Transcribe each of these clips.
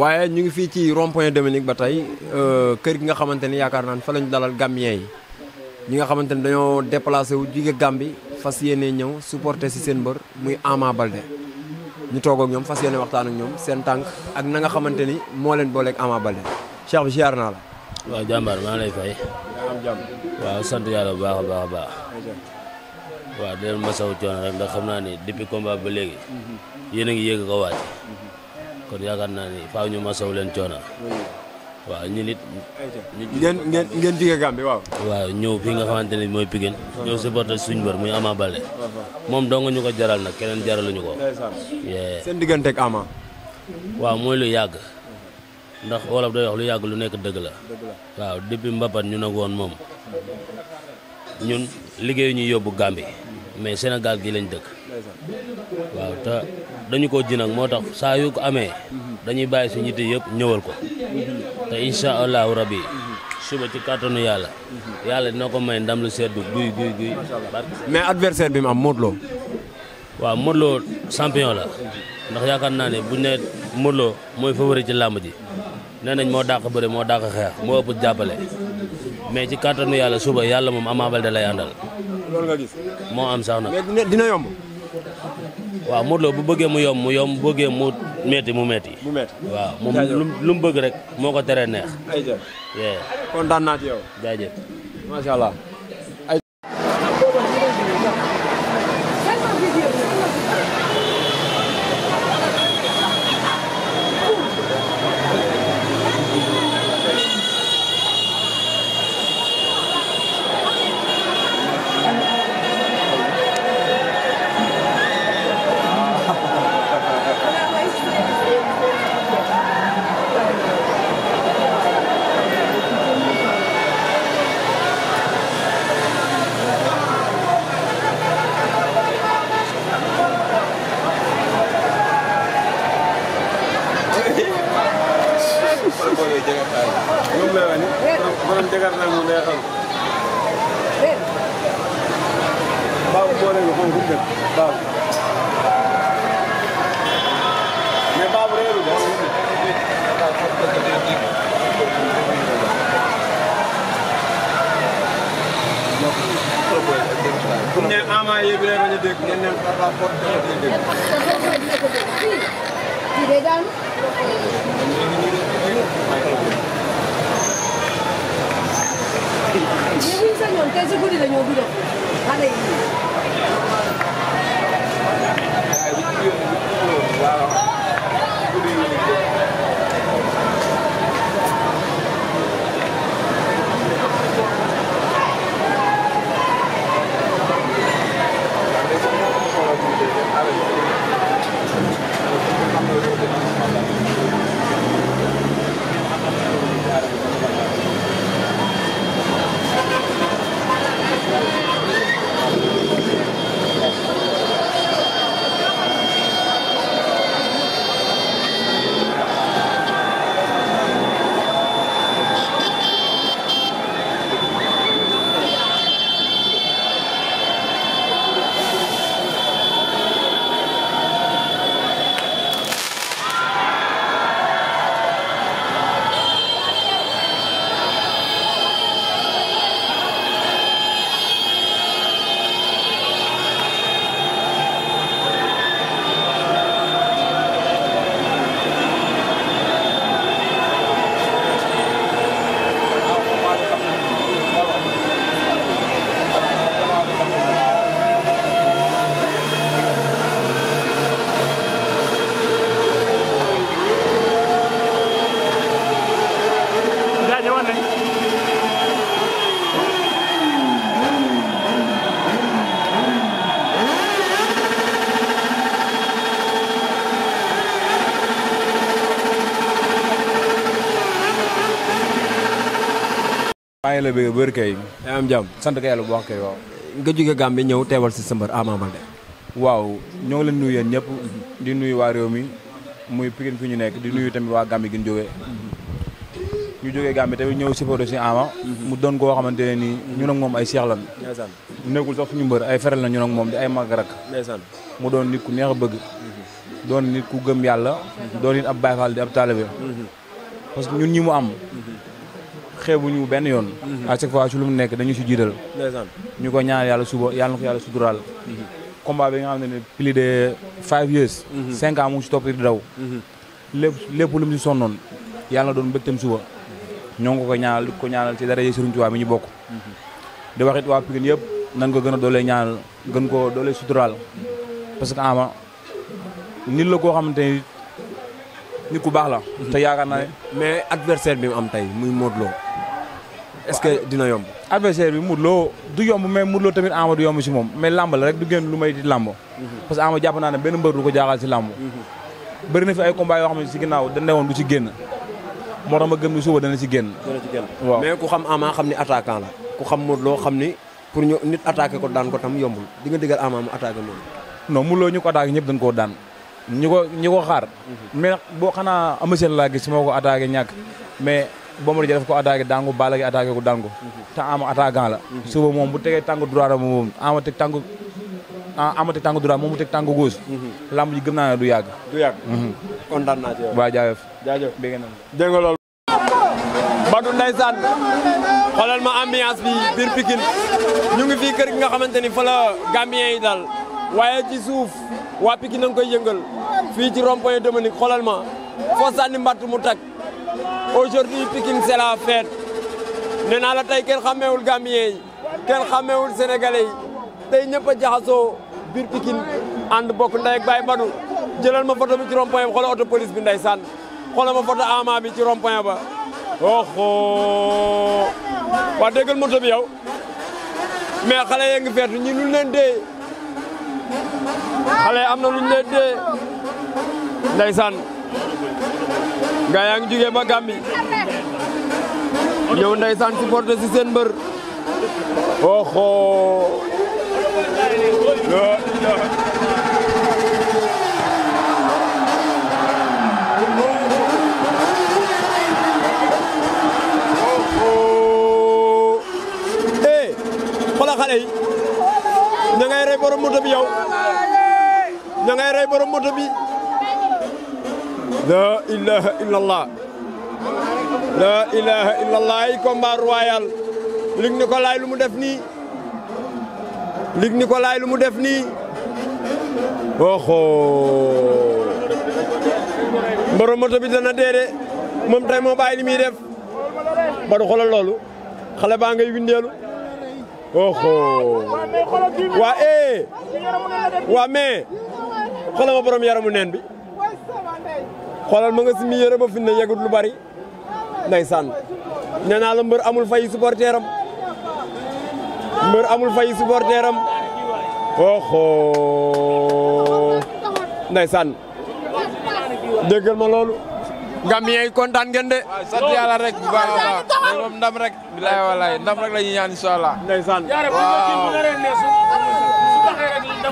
waaye ñu ngi fii ci rond point Dominique ba tey euh, kër gi nga xamante ni yaakaar naa fa la ñu dalal Gambien yi ñi nga xamante ni dañoo déplacé wu jóge Gambie fas yéene ñëw supporter si seen mbër muy Ama Baldé ñu toog ak ñoom fas yéene waxtaan ak ñoom seen tànk ak nanga nga ni moo leen booleeg Ama Baldé Cheikh bi ziar naa la. waaw jàmbaar naa lay fay. am jàmm. waaw sant yàlla bu baax a baax baax. waaw di leen masawu coono rek ndax xam naa ni depuis combat ba léegi. Mhm. yéen a ngi yëg kon yaakaar naa ni faaw ñu masaw leen coona waaw ñu nit ngeen ngeen ngeen waaw waaw ñëw fii nga xamante ne mooy Pikine ñëw supporter suñu mbër muy Ama bale moom dong ñu ko jaral nag keneen jaral jaraluñu ko seen digganteeg ak Ama waaw mooy lu yàgg ndax wolof day wax lu yàgg lu nekk dëgg la waaw depuis mbapat ñu nag woon moom ñun liggéeyu ñu yóbbu Gambie mais Sénégal gi lañ dëkk waaw te dañu ko ji nag moo tax saa yu ko amee mhm. dañuy bàyyi suñu yitte yëpp ñëwal ko mhm. te incha allahu rabi mhm. suba ci kàttanu yàlla yàlla dina ko may ndam lu seddu guy guy guy mais adversaire bi mu am Modou waaw Modou Lo champion la ndax yaakaar naa ne buñ ne Modou Lo mooy favori ci làmb ji nee nañ moo dàq bëre moo dàq xeex moo ëpp jàppale mais ci kàttanu yàlla suba yàlla moom Ama Baldé lay àndal loolu moo am sax dina yomb waaw Modou Lo bu bëggee mu yom mu yomb bu bëggee mu metti mu metti. mu metti waaw moom lu mu bëgg rek moo ko teree neex. ayca kontaan naa ci yow. jaajëf macha allah. waaw ngi lay bëgg bër kay yaa am jàmm sant ko yàlla bu wax kay waaw nga jóge ñëw teewal si sa mbër Ama Baldé waaw ñoo ngi leen nuyu yéen ñëpp di nuyu waa réew mi muy Pikine fi ñu nekk di nuyu tamit waa Gambie gi ñu jógee ñu jógee Gambie tamit ñëw supporté si Ama mu doon koo xamante ne nii ñun ak moom ay seex lan nekkul sax suñu mbër ay feral na ñun ak moom di ay mag mu doon nit ku neex a bëgg doon nit ku gëm yàlla mhm. doon nit ab Baay di ab taalibe mhm. parce ñun xeebuñu benn yoon. Mhm. à chaque fois ci lu mu nekk dañu si jiital. ñu ko ñaan yàlla suba yàlla na ko yàlla suturaal. Mhm. combat bi nga xam ne ne plus de five years. Mhm. cinq ans mu di daw. lépp lépp lu mu si sonnoon yàlla na doon mbégteem suba. ñoo ko ñaanal di ko ñaanal ci dara yi ñu bokk. di waxit waa Pikine yëpp nan ko gën a doole ñaanal gën koo doole suturaal. parce que Ama nit la koo xamante ni nit ku baax la. te yaakaar naa ne mais adversaire bi mu am tey muy Modou loo es ce que dina yomb. adversaire bi Modou Lo du yomb mais Modou Lo tamit Ama du yomb si moom mais lambal rek du génn lu may di làmb. Mhm. parce que Ama jàpp naa ne benn mbër du ko jaaxal si làmb. Mhm. bëri fi ay combat yoo si ginnaaw dañ ne woon du ci génn moo tax ma gëm ni dana ci génn. dana ci génn waaw mais ku xam Ama xam ni attaquant la ku xam Modou Lo xam ni pour ñu nit attaqué ko daan ko tam yombul di nga digal Ama mu attaqué ñu ko attaqué ñëpp dañ koo daan. ñi ko ñi ko xaar. Mhm. mais boo xanaa Ama Sène laa gis moo ko attaqué ñàkk mais Bombardier daf ko attaqué dangu Balla Gaye ko dangu mhm. te Ama attaquant la mhm. suba moom bu tegee tàngu droit moom Ama teg tàngu ah, Ama teg tàngu droit moom mu teg tàngu gauche mhm. lamb ji gëm naa ne du yàgg du yàgg kontaan naa ci yow waaw jaajëf jaajëf dégg na dégg nga loolu Badou ma ambiance bi biir Pikine ñu ngi fii kër gi nga xamante ni fa la Gambien yi daal waaye ci suuf waa Pikine na nga koy yëngal fii ci rond-point Dominique ma foo sànni mbatt mu tag aujourd'hui Pikine c'est la fête nee naa kenn xammeewul Gambien yi kenn xammeewul Sénégalais yi tey ñëpp a jaxasoo biir Pikine ànd bokk ndey ak baay Badou ma photo bi ci rond-point bi xoolal auto police bi ndeysaan ma photo Ama bi ci rond-point ba oxo waa déggal moto bi yow mais xale yee ngi ñi luñ leen dee xale am na luñ leen dee ndeysaan gaa yaa ngi jugee ba Gàmbi ñëw ndeysaan supporter si seen mbër oxo xoolal xale yi ña rey borom moto bi yow ña rey borom moto bi la ilaha illallah la ilaha illallah yi combat royal mu def nii Luc Nicolaï lu mu def nii oxo mboro moto bi dana dee de moom tey moo bàyyi def ba du xoolal loolu baa ngay windeelu waa eh waa mais xoolal borom yaramu neen bi xoolal ma nga si mi ba fi ne yegut lu bari ndeysaan nee naa la mbër amul fay supporter am mbër amul fay supporter am oxo ndeysaan déggal ma loolu Gambien yi kontaan ngeen de sant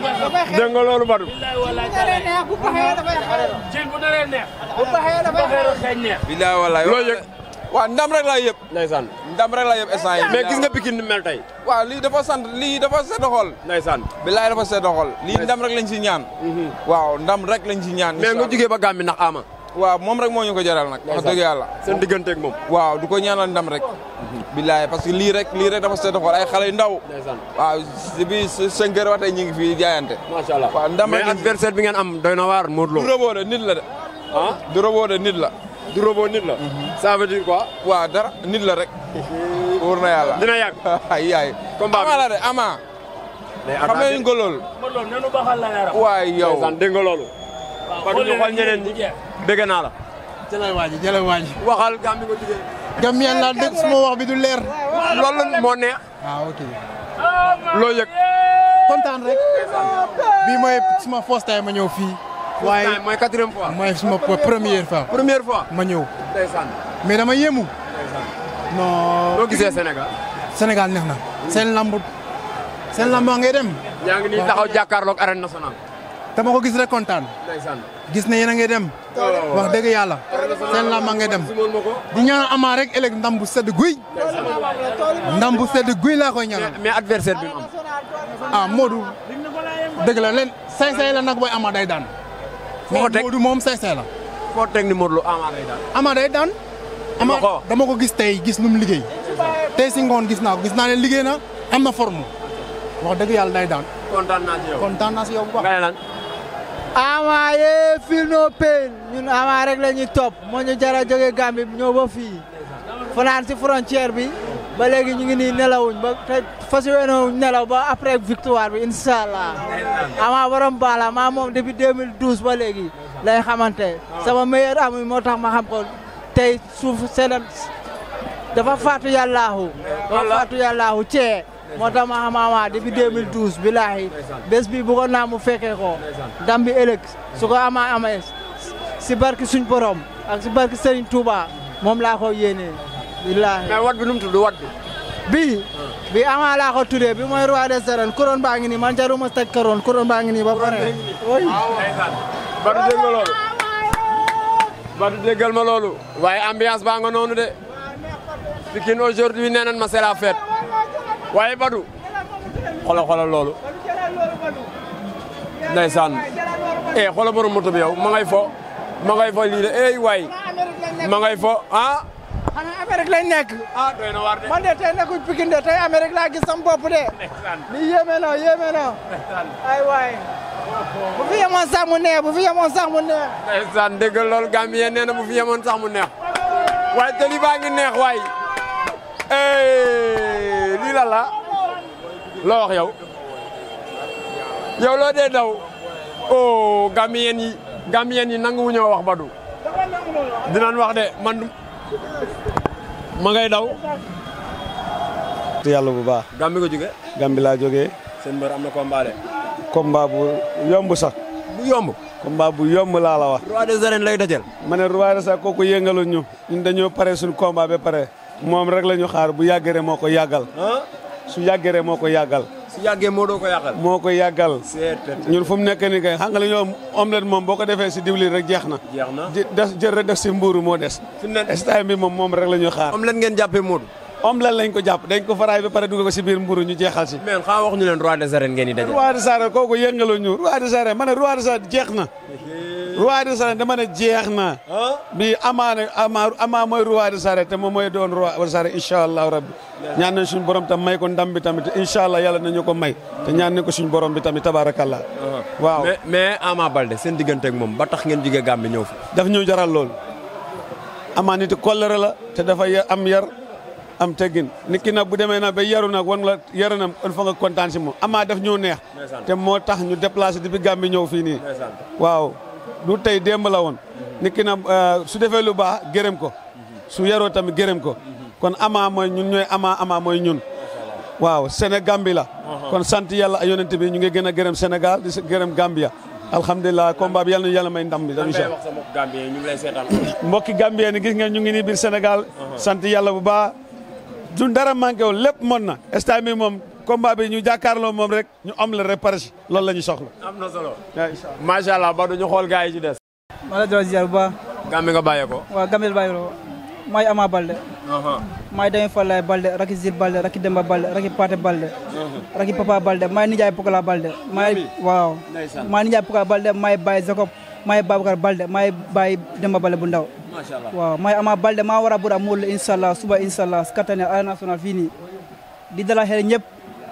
dégg nga loolu Badou. bu paxee waaw ndam rek laa yëpp. ndeysaan ndam rek laa yëpp instant yi. mais gis nga Pikine ni mel tey. waaw lii dafa sant lii dafa sedd xol. ndeysaan bilaay dafa sedd xol. lii ndam rek lañ ci ñaan. Mhm. waaw ndam rek lañ ci ñaan. mais nga jugee ba Gàmbi ndax ama. waaw moom rek moo ñu ko jaral nag. wax dëgg yàlla. seen digganteeg moom. waaw du ko ñaanal ndam rek. billaay parce que lii rek lii rek dama seetlu ay xale ndaw. waaw si biir cinq heures ba tey ñu ngi fi jaayante. macha allah waaw bi ngeen am doy na waar Modou Lo. du robot de nit la de. ah du robot de nit la. du robot nit la. Mhm. ça veut dire dara nit la rek. wóor na yàlla dina yàgg. ay yaay. combat bi ama la de ama. mais amaa xamee nga loolu. Modou Lo nenu baxal la yaram. waay yow dégg nga loolu. waaw xool ñi bëgg naa la. jëlal waa ji jëlal waa ji waxal gàmm bi Gambien laa dégg suma wax bi du leer. loolu moo neex. waaw ah, ok. loo yëg. kontaan rek. bii mooy suma first time ma ñëw fii. waaye mooy quatrième fois. mooy suma première fois. première fois ma ñëw. ndeysaan. mais dama yéemu. ndeysaan. non. loo gisee senegal Sénégal neex na. seen lamb seen lamb ngay dem. yaa ngi nii taxaw jàkkaarloog arène nationale. dama ko gis rek kontaan. gis ne yéen a ngi dem. wax dëgg yàlla. seen làmb a ngi dem. di ñaanal Ama rek ëllëg ndam bu sedd guy. ndam bu sedd guy laa koy ñaanal. mais adversaire bi mu am. Ah, la leen sañ-sañ la Ama day daan. foo teg moom sañ la. foo teg ni Modou Ama day daan. Ama dama ko gis tey gis nu mu liggéey. tey si ngoon gis naa ko gis naa ne liggéey na am na forme. wax dëgg yàlla day daan. kontaan Ama yee feel no Ama rek la ñuy topp moo ñu jara jóge Gambie ñëw ba fii fanaan ci bi ba léegi ñu ngi nii nelawuñ ba te fas nelaw ba après victoire bi incha allah Ama borom baala maa moom depuis 2012 ba léegi lay xamante sama meilleur ami moo tax ma xam ko tey suuf seen dafa faatu yàllaahu dafa faatu yàllaahu cee moo tax ma xamaamaa depuis 2012 bilaahi bés bi bëggoon naa mu fekkee ko dam bi ëllëg su ko amaa si barki suñ borom ak si barki Serigne Touba moom laa ko yéenee bilaahi mais wat bi nu mu bi bi ama laa ko tuddee bi mooy roi des arènes couronne baa ngi nii man jaru ma teg couronne couronne baa ngi nii ba pare ah badu dégg ma loolu badu ma loolu waaye ambiance baa nga noonu de Pikine aujourd'hui nee ma c'est la waaye Badou xoolal xoolal loolu. ndeysaan eh xoolal borom moto bi yow ma ngay fo ma ngay fo lii de eh waay ma ngay fo ah. xanaa Amérique lañ nekk. ah doy na waar de. man de tey nekkul de tey Amérique laa gis sam bopp de. lii yéeme na yéeme na. ay waay bu fi yemoon sax mu bu fi yemoon sax mu neex. nee sax mu neex. waaye te baa ngi neex waay. Eh. lan la loo wax yow yow loo dee daw oh Gambien yi Gambien yi nangu wu ñoo wax Badou dinañ wax de man ma ngay daw. yàlla bu baax. Gambie ko jógee. Gambie laa jógee. seen mbër am na combat de. combat bu yomb sax. bu yomb. combat bu yomb laa la wax. roi des arènes lay dajal. ma ne roi des arènes kooku ñu. ñun dañoo pare suñu combat ba pare. moom rek la ñu xaar bu yàggere moo ko yàggal. su yàggeere moo ko yàggal. su yàggee moo doo ko yàggal. moo ko yàggal. ñun fu mu ni nii kay xam nga li ñoom omelette moom boo ko defee si diwlin rek jeex na. jeex na jël rek def si mbuuru moo des. fi mu bi moom moom rek la ñu xaar. omelette ngeen jàppee Modou. omelette lañ ko jàpp dañ ko faraay ba pare dugal ko si biir mburu ñu jeexal si. mais xaa wax ñu leen roi des ngeen di daje. roi des arènes kooku yëngaloo ñu roi des arènes ma ne roi jeex na. dama ne jeex na. Ah? bi amaa ne amaa amaa mooy roi des te moom mooy doon roi des arènes incha allah rabbi. ñaan nañ suñu borom tam may ko ndam bi tamit incha allah yàlla nañu ko may. te ñaan nañ ko suñu borom bi tamit tabaarakallah. Ah. waaw mais mais Ama Baldé seen diggante ak moom ba tax ngeen jugee Gambie ñëw fi. daf ñu jaral lool. amaa la te dafa am yar am teggin nit ki nag bu demee nag ba yaru na wan la yaru nag il faut nga kontaan si moom amaa daf ñëw neex. te moo tax ñu déplacé depuis Gambie ñëw fii nii. waaw du tey demb la woon. Mhm. nit ki euh, su defee lu baax gërëm ko. Mhm. su yaroo tamit gërëm ko. Mhm. kon amaa mooy ñun ñooy amaa amaa mooy ñun. waaw Sénégal bi la. Uh-huh. kon sant yàlla a yonent bi ñu ngi gën a gërëm Sénégal di gërëm Gambia. alhamdulilah uh-huh. combat bi yàlla na yàlla may ndam bi. dañu seet mbokki ni gis nga ñu ngi duñ dara manqué wu lépp mën na stade moom combat bi ñu jàkkaarloo moom rek ñu am la repêche loolu la ñu soxla. am na solo. macha allah ba du ñu xool gars yi ci des. maa la doon ziar bu baax. Gambie nga bàyyeekoo. waaw Gambie bàyyeekoo maay Ama Balde. Uh-huh. maay Dami Fallaye Balde rakki Zil Balde rakki Demba Balde rakki Paate Balde. Uh-huh. rakki Papa Balde maay Nijaay Pokola Balde. maay waaw. maay Nijaay Pokola Balde maay Baye Jacob. maay Babacar Balde maay Baye Demba Balde bu ndaw. macha allah waaw maay Ama Balde maa war a bëri amul suba incha allah su kattan Arène di dalal xel ñëpp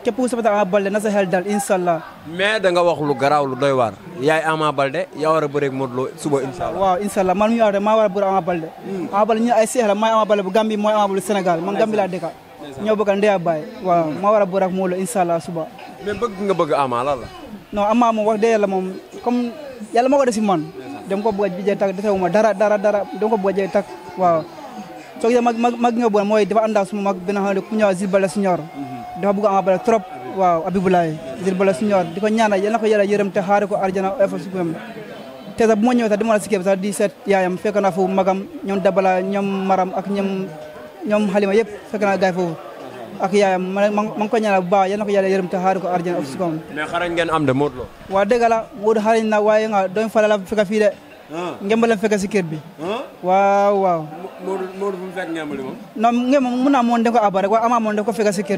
képp ku soppite Ama Balde na sa xel dal incha allah. mais da nga lu garaaw lu doy waar. yaay Ama Balde yaa war a bëri ak Modou Lo suba incha allah. waaw incha allah man mi ñu wax maa war a bëri Ama Balde. Hmm. Ama Balde ñu ay seex la maay Ama Balde bu Gambie mooy Ama Balde Sénégal man Gambie laa dëkk. a a bàyyi a yàlla moo ko def si man dama ko bëgg a jël takk defewuma dara dara dara dama ko bëgg a jël takk waaw soo gisee ma mag mag ñoo mooy dafa ànd ak suma mag benn xam ne ku ñëw Jules Baldé Junior mhm. dafa bëgg Ama Baldé trop waaw Abibulaay Jules Baldé Junior di ko ñaanal yal na ko yàlla yërëm te xaare ko arjana efa suam te sax bu ma ñëwee sax di ma la sa képp sax di seet yaayam fekk naa foofu magam ñoom dabala ñoom maram ak ñoom ñoom xalima yëpp fekk naa gaay ak yaayam ma ngi ko ñaanal bu baax yal na ko yàlla yërëm te xaar ko arjana of sukom mais xarañ ngeen am de Modou Lo waa dëgg la Modou xarañ na waaye nga doon fa la fekk fii de ah. ngemb la fekk si kër bi ah. waaw waaw Modou Modou fu mu fekk ngemb li moom non mun naa moon def ko abar rek waaye amaa moon def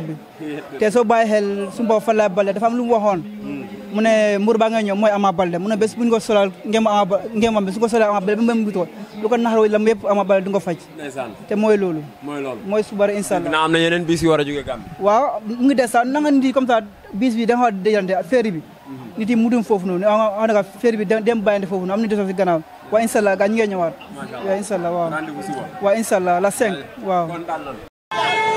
bi te soo bàyyi xel su mboo fa la bale dafa am lu mu mu ne mbur baa nga ñëw mooy Ama Baldé mu ne bés bu ñu ko solal ngemu Ama Baldé ngemu am su ko solal Ama Baldé ba mu bu ko lu ko naxaroo lam yëpp Ama Baldé du nga faj te mooy loolu mooy loolu mooy subar inshallah na am na yeneen bis yu war a jóge Gambie waaw mu ngi des sax na nga nit yi comme ça bis bi da nga dajante ferry bi mhm. nit yi mudum foofu noonu wax naka ferry bi dem bàyyante foofu noonu am na des si gannaaw waa inshallah gaa ñu ngi ñëwaat waaw inshallah waaw waaw inshallah la cinq waaw